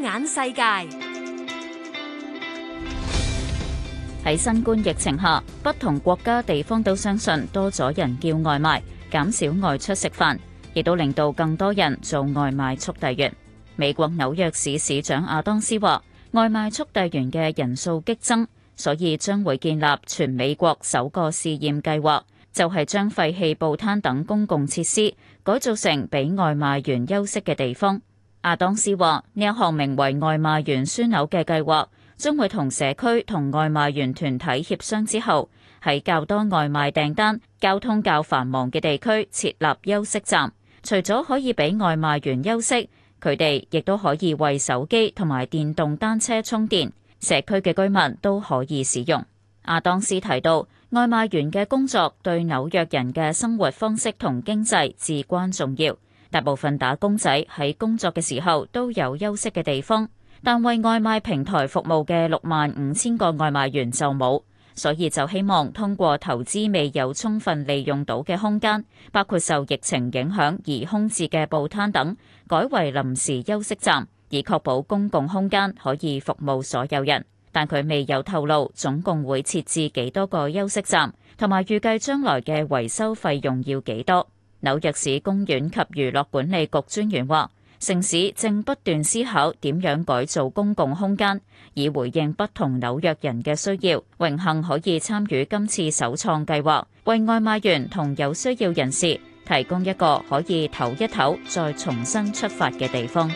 眼世界喺新冠疫情下，不同國家地方都相信多咗人叫外賣，減少外出食飯，亦都令到更多人做外賣速遞員。美國紐約市市長阿當斯話：外賣速遞員嘅人數激增，所以將會建立全美國首個試驗計劃，就係將廢棄報攤等公共設施改造成俾外賣員休息嘅地方。阿當斯話：呢一項名為外賣員樞紐嘅計劃，將會同社區同外賣員團體協商之後，喺較多外賣訂單、交通較繁忙嘅地區設立休息站。除咗可以俾外賣員休息，佢哋亦都可以為手機同埋電動單車充電，社區嘅居民都可以使用。阿當斯提到，外賣員嘅工作對紐約人嘅生活方式同經濟至關重要。大部分打工仔喺工作嘅時候都有休息嘅地方，但為外賣平台服務嘅六萬五千個外賣員就冇，所以就希望通過投資未有充分利用到嘅空間，包括受疫情影響而空置嘅報攤等，改為臨時休息站，以確保公共空間可以服務所有人。但佢未有透露總共會設置幾多個休息站，同埋預計將來嘅維修費用要幾多。紐約市公園及娛樂管理局專員話：城市正不斷思考點樣改造公共空間，以回應不同紐約人嘅需要。榮幸可以參與今次首創計劃，為外賣員同有需要人士提供一個可以唞一唞再重新出發嘅地方。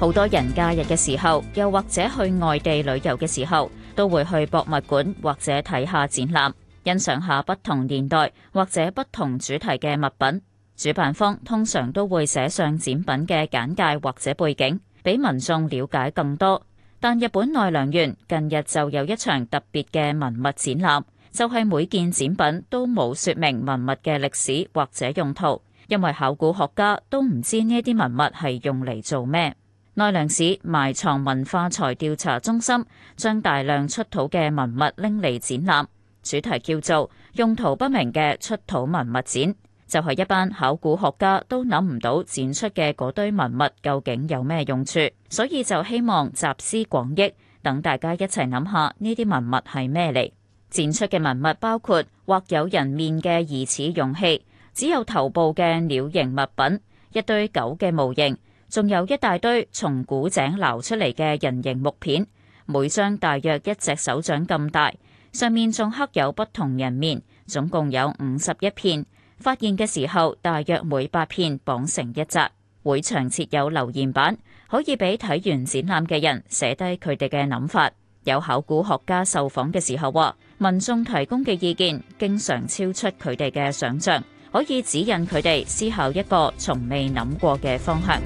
好多人假日嘅時候，又或者去外地旅遊嘅時候，都會去博物館或者睇下展覽，欣賞下不同年代或者不同主題嘅物品。主辦方通常都會寫上展品嘅簡介或者背景，俾民眾了解更多。但日本奈良縣近日就有一場特別嘅文物展覽，就係每件展品都冇説明文物嘅歷史或者用途，因為考古學家都唔知呢啲文物係用嚟做咩。奈良市埋藏文化財調查中心將大量出土嘅文物拎嚟，展覽主題叫做《用途不明嘅出土文物展》，就係、是、一班考古學家都諗唔到展出嘅嗰堆文物究竟有咩用處，所以就希望集思廣益，等大家一齊諗下呢啲文物係咩嚟。展出嘅文物包括畫有人面嘅疑似容器、只有頭部嘅鳥形物品、一堆狗嘅模型。仲有一大堆從古井撈出嚟嘅人形木片，每張大約一隻手掌咁大，上面仲刻有不同人面，總共有五十一片。發現嘅時候，大約每百片綁成一紮。會場設有留言板，可以俾睇完展覽嘅人寫低佢哋嘅諗法。有考古學家受訪嘅時候話，民眾提供嘅意見經常超出佢哋嘅想像，可以指引佢哋思考一個從未諗過嘅方向。